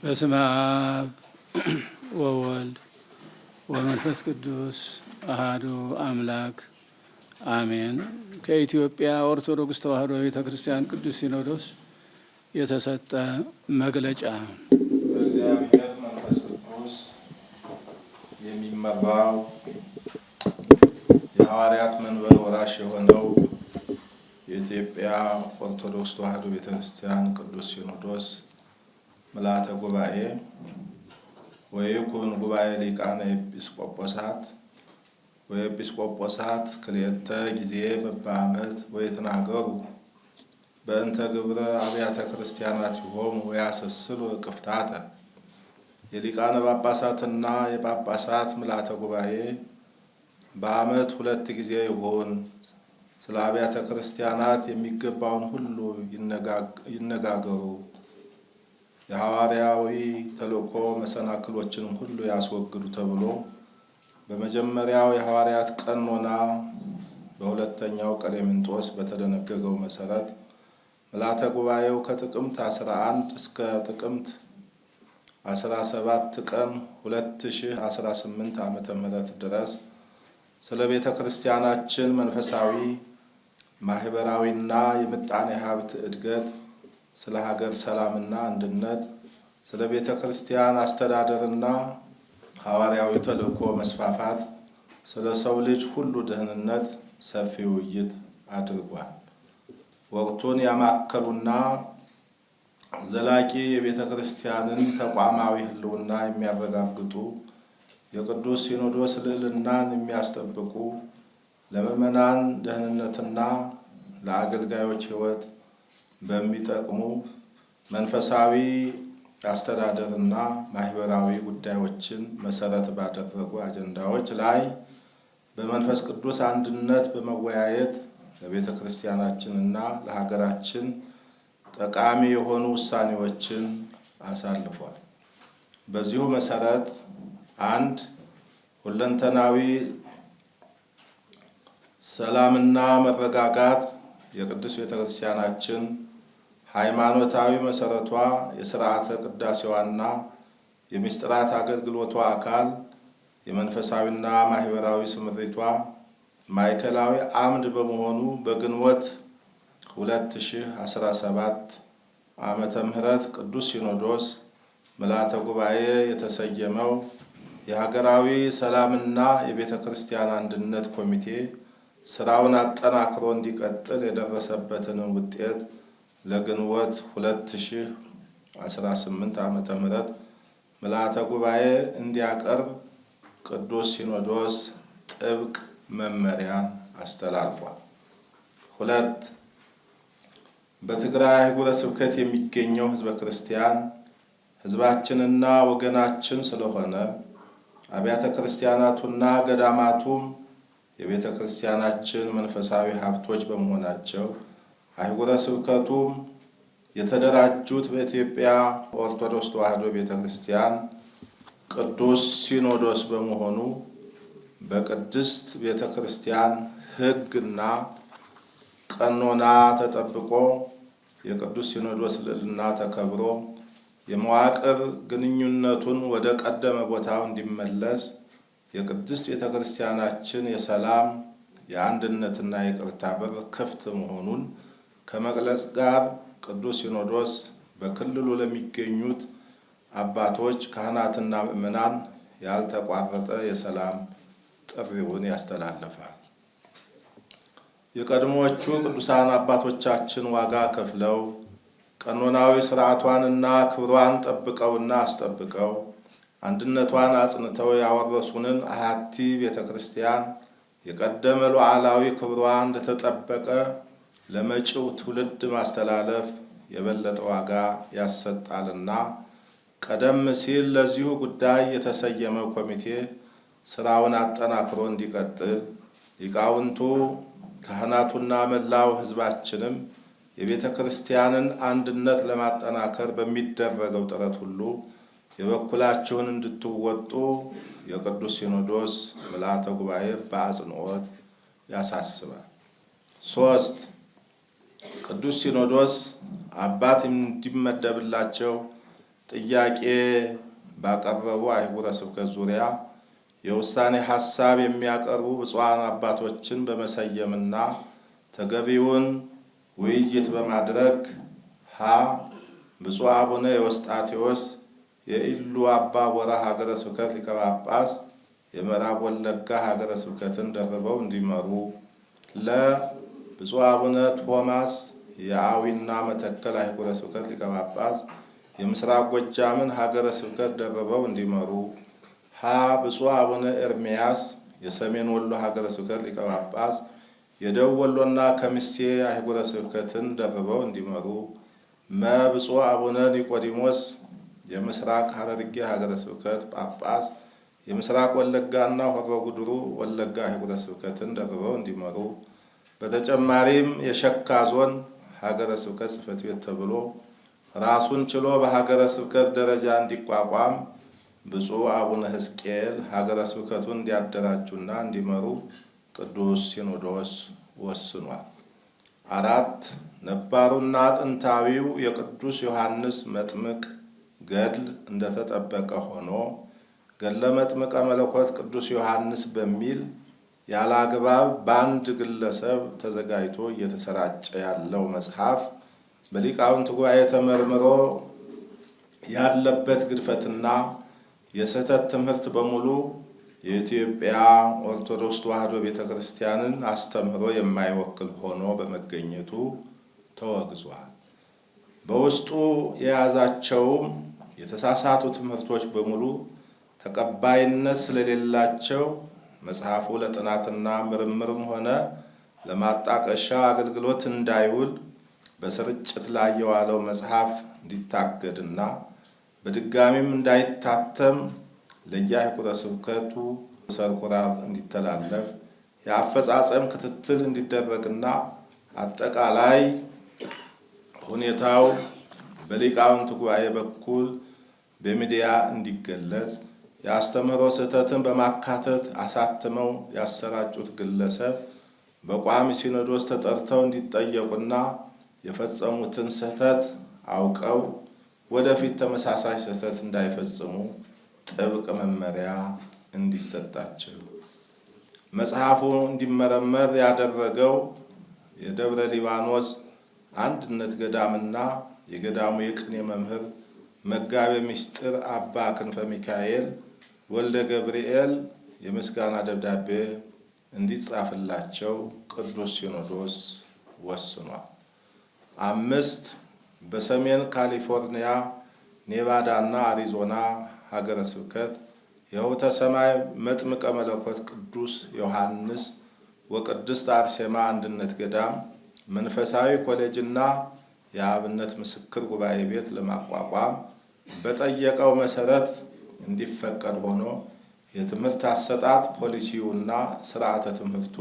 በስመ አብ ወወልድ ወመንፈስ ቅዱስ አሃዱ አምላክ አሜን። ከኢትዮጵያ ኦርቶዶክስ ተዋሕዶ ቤተ ክርስቲያን ቅዱስ ሲኖዶስ የተሰጠ መግለጫ በእግዚአብሔር መንፈስ ቅዱስ የሚመራው የሐዋርያት መንበር ወራሽ የሆነው የኢትዮጵያ ኦርቶዶክስ ተዋሕዶ ቤተ ክርስቲያን ቅዱስ ሲኖዶስ ምልዓተ ጉባኤ ወይኩን ጉባኤ ሊቃነ ኤጲስቆጶሳት ወኤጲስቆጶሳት ክልኤተ ጊዜ በበዓመት ወይትናገሩ በእንተ ግብረ አብያተ ክርስቲያናት ይሆሙ ወያሰስሉ ቅፍታተ የሊቃነ ጳጳሳትና የጳጳሳት ምልዓተ ጉባኤ በዓመት ሁለት ጊዜ ይሆን። ስለ አብያተ ክርስቲያናት የሚገባውን ሁሉ ይነጋገሩ። የሐዋርያዊ ተልእኮ መሰናክሎችንም ሁሉ ያስወግዱ ተብሎ በመጀመሪያው የሐዋርያት ቀኖና በሁለተኛው ቀሌምንጦስ በተደነገገው መሰረት ምልዓተ ጉባኤው ከጥቅምት 11 እስከ ጥቅምት 17 ቀን 2018 ዓ ም ድረስ ስለ ቤተ ክርስቲያናችን መንፈሳዊ ማህበራዊና የምጣኔ ሀብት እድገት ስለ ሀገር ሰላምና አንድነት፣ ስለ ቤተ ክርስቲያን አስተዳደርና ሐዋርያዊ ተልእኮ መስፋፋት፣ ስለ ሰው ልጅ ሁሉ ደህንነት ሰፊ ውይይት አድርጓል። ወቅቱን ያማከሉና ዘላቂ የቤተ ክርስቲያንን ተቋማዊ ሕልውና የሚያረጋግጡ የቅዱስ ሲኖዶስ ልዕልናን የሚያስጠብቁ ለምዕመናን ደህንነትና ለአገልጋዮች ሕይወት በሚጠቅሙ መንፈሳዊ አስተዳደርና ማህበራዊ ጉዳዮችን መሰረት ባደረጉ አጀንዳዎች ላይ በመንፈስ ቅዱስ አንድነት በመወያየት ለቤተ ክርስቲያናችንና ለሀገራችን ጠቃሚ የሆኑ ውሳኔዎችን አሳልፏል። በዚሁ መሰረት አንድ ሁለንተናዊ ሰላምና መረጋጋት የቅዱስ ቤተ ክርስቲያናችን ሃይማኖታዊ መሰረቷ የስርዓተ ቅዳሴዋና የምስጢራት አገልግሎቷ አካል የመንፈሳዊና ማህበራዊ ስምሪቷ ማዕከላዊ አምድ በመሆኑ በግንቦት 2017 ዓመተ ምህረት ቅዱስ ሲኖዶስ ምልዓተ ጉባኤ የተሰየመው የሀገራዊ ሰላምና የቤተ ክርስቲያን አንድነት ኮሚቴ ስራውን አጠናክሮ እንዲቀጥል የደረሰበትን ውጤት ለግንቦት 2018 ዓመተ ምህረት ምልአተ ጉባኤ እንዲያቀርብ ቅዱስ ሲኖዶስ ጥብቅ መመሪያ አስተላልፏል። ሁለት በትግራይ አህጉረ ስብከት የሚገኘው ህዝበ ክርስቲያን ህዝባችንና ወገናችን ስለሆነ አብያተ ክርስቲያናቱና ገዳማቱም የቤተ ክርስቲያናችን መንፈሳዊ ሀብቶች በመሆናቸው አህጉረ ስብከቱም የተደራጁት በኢትዮጵያ ኦርቶዶክስ ተዋሕዶ ቤተ ክርስቲያን ቅዱስ ሲኖዶስ በመሆኑ በቅድስት ቤተ ክርስቲያን ሕግና ቀኖና ተጠብቆ የቅዱስ ሲኖዶስ ልዕልና ተከብሮ የመዋቅር ግንኙነቱን ወደ ቀደመ ቦታው እንዲመለስ የቅድስት ቤተ ክርስቲያናችን የሰላም የአንድነትና የቅርታ በር ክፍት መሆኑን ከመግለጽ ጋር ቅዱስ ሲኖዶስ በክልሉ ለሚገኙት አባቶች ካህናትና ምእመናን ያልተቋረጠ የሰላም ጥሪውን ያስተላልፋል። የቀድሞዎቹ ቅዱሳን አባቶቻችን ዋጋ ከፍለው ቀኖናዊ ስርዓቷንና ክብሯን ጠብቀውና አስጠብቀው አንድነቷን አጽንተው ያወረሱንን አሃቲ ቤተ ክርስቲያን የቀደመ ሉዓላዊ ክብሯ እንደተጠበቀ ለመጪው ትውልድ ማስተላለፍ የበለጠ ዋጋ ያሰጣልና ቀደም ሲል ለዚሁ ጉዳይ የተሰየመ ኮሚቴ ስራውን አጠናክሮ እንዲቀጥል ሊቃውንቱ ካህናቱና መላው ሕዝባችንም የቤተ ክርስቲያንን አንድነት ለማጠናከር በሚደረገው ጥረት ሁሉ የበኩላችሁን እንድትወጡ የቅዱስ ሲኖዶስ ምልዓተ ጉባኤ በአጽንኦት ያሳስባል። ሶስት ቅዱስ ሲኖዶስ አባት እንዲመደብላቸው ጥያቄ ባቀረቡ አህጉረ ስብከት ዙሪያ የውሳኔ ሀሳብ የሚያቀርቡ ብፁዓን አባቶችን በመሰየምና ተገቢውን ውይይት በማድረግ ሀ ብፁዕ አቡነ የወስጣቴዎስ የኢሉ አባ ወራ ሀገረ ስብከት ሊቀ ጳጳስ የምዕራብ ወለጋ ሀገረ ስብከትን ደርበው እንዲመሩ ለ ብፁዕ አቡነ ቶማስ የአዊና መተከል አህጉረ ስብከት ሊቀ ጳጳስ የምስራቅ ጎጃምን ሀገረ ስብከት ደርበው እንዲመሩ፣ ሀ ብፁዕ አቡነ ኤርሚያስ የሰሜን ወሎ ሀገረ ስብከት ሊቀ ጳጳስ የደቡብ ወሎና ከሚሴ አህጉረ ስብከትን ደርበው እንዲመሩ፣ መ ብፁዕ አቡነ ኒቆዲሞስ የምስራቅ ሀረርጌ ሀገረ ስብከት ጳጳስ የምስራቅ ወለጋና ሆሮ ጉድሩ ወለጋ አህጉረ ስብከትን ደርበው እንዲመሩ በተጨማሪም የሸካ ዞን ሀገረ ስብከት ጽሕፈት ቤት ተብሎ ራሱን ችሎ በሀገረ ስብከት ደረጃ እንዲቋቋም ብፁዕ አቡነ ሕዝቅኤል ሀገረ ስብከቱን እንዲያደራጁና እንዲመሩ ቅዱስ ሲኖዶስ ወስኗል። አራት ነባሩና ጥንታዊው የቅዱስ ዮሐንስ መጥምቅ ገድል እንደተጠበቀ ሆኖ ገድለ መጥምቀ መለኮት ቅዱስ ዮሐንስ በሚል ያለ አግባብ በአንድ ግለሰብ ተዘጋጅቶ እየተሰራጨ ያለው መጽሐፍ በሊቃውንት ጉባኤ ተመርምሮ ያለበት ግድፈትና የስህተት ትምህርት በሙሉ የኢትዮጵያ ኦርቶዶክስ ተዋሕዶ ቤተ ክርስቲያንን አስተምህሮ የማይወክል ሆኖ በመገኘቱ ተወግዟል። በውስጡ የያዛቸውም የተሳሳቱ ትምህርቶች በሙሉ ተቀባይነት ስለሌላቸው መጽሐፉ ለጥናትና ምርምርም ሆነ ለማጣቀሻ አገልግሎት እንዳይውል በስርጭት ላይ የዋለው መጽሐፍ እንዲታገድና በድጋሚም እንዳይታተም ለየአህጉረ ስብከቱ ሰርኩላር እንዲተላለፍ የአፈጻጸም ክትትል እንዲደረግና አጠቃላይ ሁኔታው በሊቃውንት ጉባኤ በኩል በሚዲያ እንዲገለጽ የአስተምህሮ ስህተትን በማካተት አሳትመው ያሰራጩት ግለሰብ በቋሚ ሲኖዶስ ተጠርተው እንዲጠየቁና የፈጸሙትን ስህተት አውቀው ወደፊት ተመሳሳይ ስህተት እንዳይፈጽሙ ጥብቅ መመሪያ እንዲሰጣቸው መጽሐፉ እንዲመረመር ያደረገው የደብረ ሊባኖስ አንድነት ገዳምና የገዳሙ የቅኔ መምህር መጋቤ ምስጢር አባ ክንፈ ሚካኤል ወልደ ገብርኤል የምስጋና ደብዳቤ እንዲጻፍላቸው ቅዱስ ሲኖዶስ ወስኗል። አምስት በሰሜን ካሊፎርኒያ ኔቫዳና አሪዞና ሀገረ ስብከት የውተ ሰማይ መጥምቀ መለኮት ቅዱስ ዮሐንስ ወቅድስት አርሴማ አንድነት ገዳም መንፈሳዊ ኮሌጅና የአብነት ምስክር ጉባኤ ቤት ለማቋቋም በጠየቀው መሰረት እንዲፈቀድ ሆኖ የትምህርት አሰጣጥ ፖሊሲውና ስርዓተ ትምህርቱ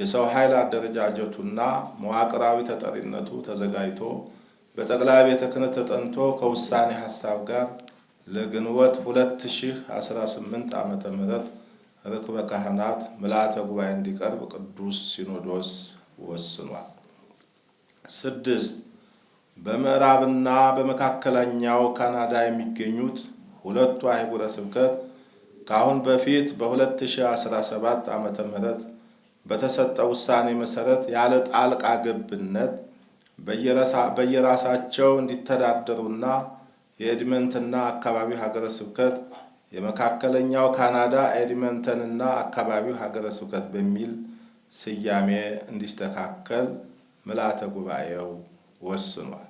የሰው ኃይል አደረጃጀቱና መዋቅራዊ ተጠሪነቱ ተዘጋጅቶ በጠቅላይ ቤተ ክህነት ተጠንቶ ከውሳኔ ሀሳብ ጋር ለግንቦት 2018 ዓ ም ርክበ ካህናት ምልአተ ጉባኤ እንዲቀርብ ቅዱስ ሲኖዶስ ወስኗል። ስድስት በምዕራብና በመካከለኛው ካናዳ የሚገኙት ሁለቱ አህጉረ ስብከት ከአሁን በፊት በ2017 ዓ ም በተሰጠ ውሳኔ መሰረት ያለ ጣልቃ ገብነት በየራሳቸው እንዲተዳደሩና የኤድመንትና አካባቢው ሀገረ ስብከት የመካከለኛው ካናዳ ኤድመንተንና አካባቢው ሀገረ ስብከት በሚል ስያሜ እንዲስተካከል ምልአተ ጉባኤው ወስኗል።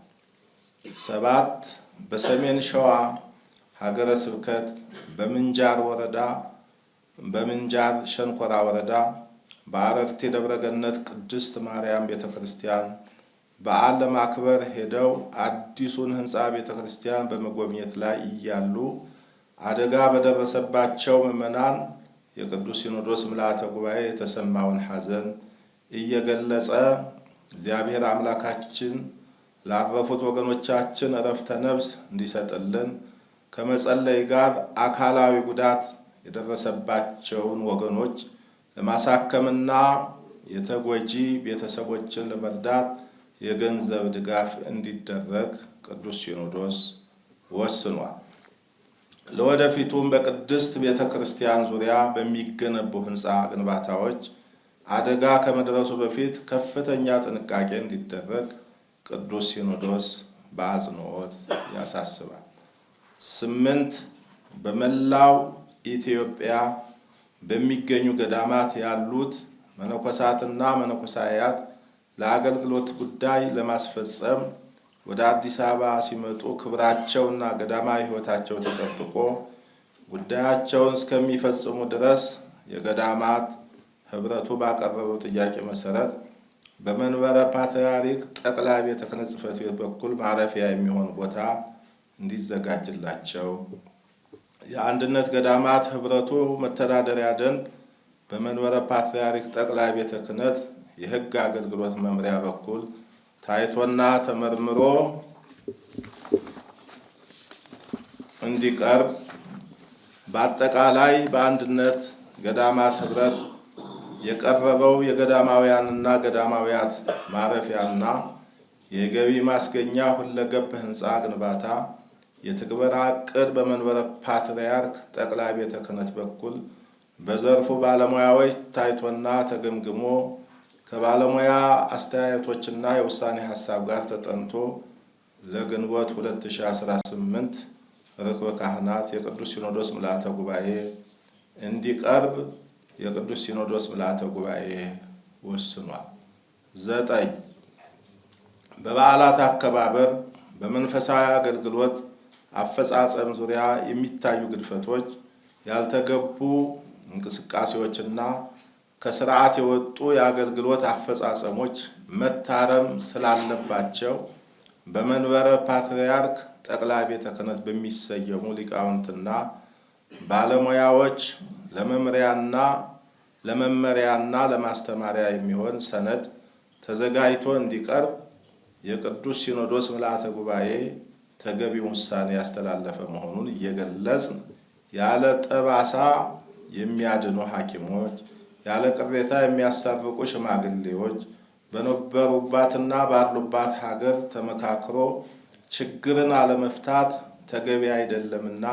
ሰባት በሰሜን ሸዋ ሀገረ ስብከት በምንጃር ወረዳ በምንጃር ሸንኮራ ወረዳ በአረርቴ ደብረገነት ቅድስት ማርያም ቤተ ክርስቲያን በዓል ለማክበር ሄደው አዲሱን ህንፃ ቤተ ክርስቲያን በመጎብኘት ላይ እያሉ አደጋ በደረሰባቸው ምዕመናን የቅዱስ ሲኖዶስ ምልአተ ጉባኤ የተሰማውን ሐዘን እየገለጸ እግዚአብሔር አምላካችን ላረፉት ወገኖቻችን እረፍተ ነፍስ እንዲሰጥልን ከመጸለይ ጋር አካላዊ ጉዳት የደረሰባቸውን ወገኖች ለማሳከምና የተጎጂ ቤተሰቦችን ለመርዳት የገንዘብ ድጋፍ እንዲደረግ ቅዱስ ሲኖዶስ ወስኗል። ለወደፊቱም በቅድስት ቤተ ክርስቲያን ዙሪያ በሚገነቡ ሕንፃ ግንባታዎች አደጋ ከመድረሱ በፊት ከፍተኛ ጥንቃቄ እንዲደረግ ቅዱስ ሲኖዶስ በአጽንኦት ያሳስባል። ስምንት በመላው ኢትዮጵያ በሚገኙ ገዳማት ያሉት መነኮሳትና መነኮሳያት ለአገልግሎት ጉዳይ ለማስፈጸም ወደ አዲስ አበባ ሲመጡ ክብራቸውና ገዳማዊ ሕይወታቸው ተጠብቆ ጉዳያቸውን እስከሚፈጽሙ ድረስ የገዳማት ህብረቱ ባቀረበው ጥያቄ መሰረት በመንበረ ፓትርያርክ ጠቅላይ ቤተ ክህነት ጽሕፈት ቤት በኩል ማረፊያ የሚሆን ቦታ እንዲዘጋጅላቸው የአንድነት ገዳማት ህብረቱ መተዳደሪያ ደንብ በመንበረ ፓትርያርክ ጠቅላይ ቤተ ክህነት የህግ አገልግሎት መምሪያ በኩል ታይቶና ተመርምሮ እንዲቀርብ በአጠቃላይ በአንድነት ገዳማት ህብረት የቀረበው የገዳማውያንና ገዳማውያት ማረፊያና የገቢ ማስገኛ ሁለገብ ህንፃ ግንባታ የትግበራ ዕቅድ በመንበረ ፓትርያርክ ጠቅላይ ቤተ ክህነት በኩል በዘርፉ ባለሙያዎች ታይቶና ተገምግሞ ከባለሙያ አስተያየቶችና የውሳኔ ሀሳብ ጋር ተጠንቶ ለግንቦት 2018 ርክበ ካህናት የቅዱስ ሲኖዶስ ምልአተ ጉባኤ እንዲቀርብ የቅዱስ ሲኖዶስ ምልአተ ጉባኤ ወስኗል። ዘጠኝ በበዓላት አከባበር በመንፈሳዊ አገልግሎት አፈጻጸም ዙሪያ የሚታዩ ግድፈቶች፣ ያልተገቡ እንቅስቃሴዎችና ከስርዓት የወጡ የአገልግሎት አፈጻጸሞች መታረም ስላለባቸው በመንበረ ፓትርያርክ ጠቅላይ ቤተ ክህነት በሚሰየሙ ሊቃውንትና ባለሙያዎች ለመምሪያና ለመመሪያና ለማስተማሪያ የሚሆን ሰነድ ተዘጋጅቶ እንዲቀርብ የቅዱስ ሲኖዶስ ምልአተ ጉባኤ ተገቢውን ውሳኔ ያስተላለፈ መሆኑን እየገለጽ ያለ ጠባሳ የሚያድኑ ሐኪሞች ያለ ቅሬታ የሚያሳርቁ ሽማግሌዎች በነበሩባትና ባሉባት ሀገር ተመካክሮ ችግርን አለመፍታት ተገቢ አይደለምና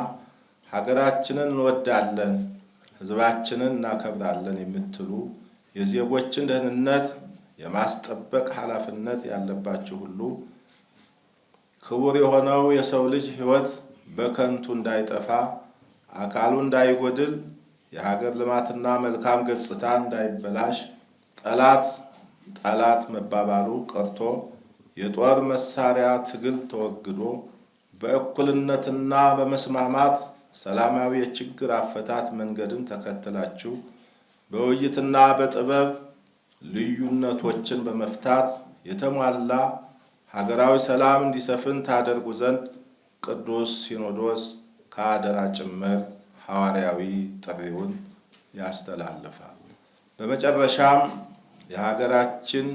ሀገራችንን እንወዳለን፣ ሕዝባችንን እናከብራለን የምትሉ የዜጎችን ደህንነት የማስጠበቅ ኃላፊነት ያለባችሁ ሁሉ ክቡር የሆነው የሰው ልጅ ሕይወት በከንቱ እንዳይጠፋ አካሉ እንዳይጎድል የሀገር ልማትና መልካም ገጽታ እንዳይበላሽ ጠላት ጠላት መባባሉ ቀርቶ የጦር መሳሪያ ትግል ተወግዶ በእኩልነትና በመስማማት ሰላማዊ የችግር አፈታት መንገድን ተከትላችሁ በውይይትና በጥበብ ልዩነቶችን በመፍታት የተሟላ ሀገራዊ ሰላም እንዲሰፍን ታደርጉ ዘንድ ቅዱስ ሲኖዶስ ከአደራ ጭምር ሐዋርያዊ ጥሪውን ያስተላልፋል። በመጨረሻም የሀገራችን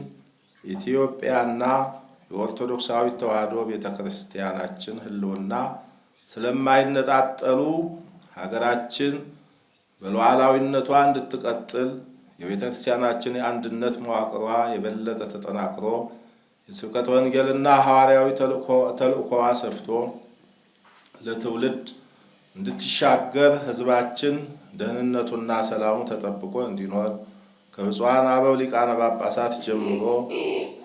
ኢትዮጵያና የኦርቶዶክሳዊት ተዋሕዶ ቤተ ክርስቲያናችን ሕልውና ስለማይነጣጠሉ ሀገራችን በሉዓላዊነቷ እንድትቀጥል የቤተ ክርስቲያናችን የአንድነት መዋቅሯ የበለጠ ተጠናክሮ የስብከት ወንጌልና ሐዋርያዊ ተልእኮ ሰፍቶ ለትውልድ እንድትሻገር ህዝባችን ደህንነቱና ሰላሙ ተጠብቆ እንዲኖር ከብፁዓን አበው ሊቃነ ጳጳሳት ጀምሮ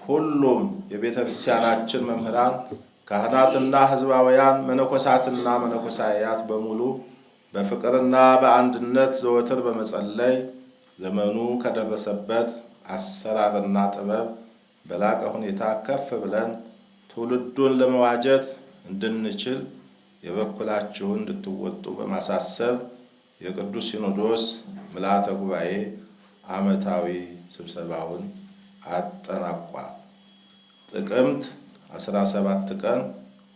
ሁሉም የቤተ ክርስቲያናችን መምህራን፣ ካህናትና ህዝባውያን መነኮሳትና መነኮሳያት በሙሉ በፍቅርና በአንድነት ዘወትር በመጸለይ ዘመኑ ከደረሰበት አሰራርና ጥበብ በላቀ ሁኔታ ከፍ ብለን ትውልዱን ለመዋጀት እንድንችል የበኩላችሁን እንድትወጡ በማሳሰብ የቅዱስ ሲኖዶስ ምልዓተ ጉባኤ ዓመታዊ ስብሰባውን አጠናቋል። ጥቅምት 17 ቀን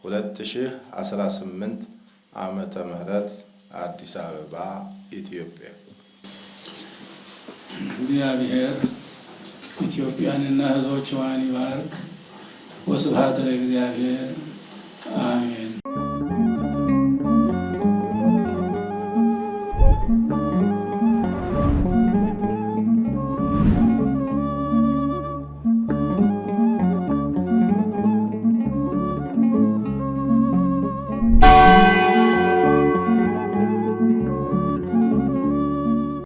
2018 ዓመተ ምህረት አዲስ አበባ ኢትዮጵያ። እግዚአብሔር ኢትዮጵያንና ሕዝቦቿን ይባርክ። ወስብሐት ለእግዚአብሔር አሜን።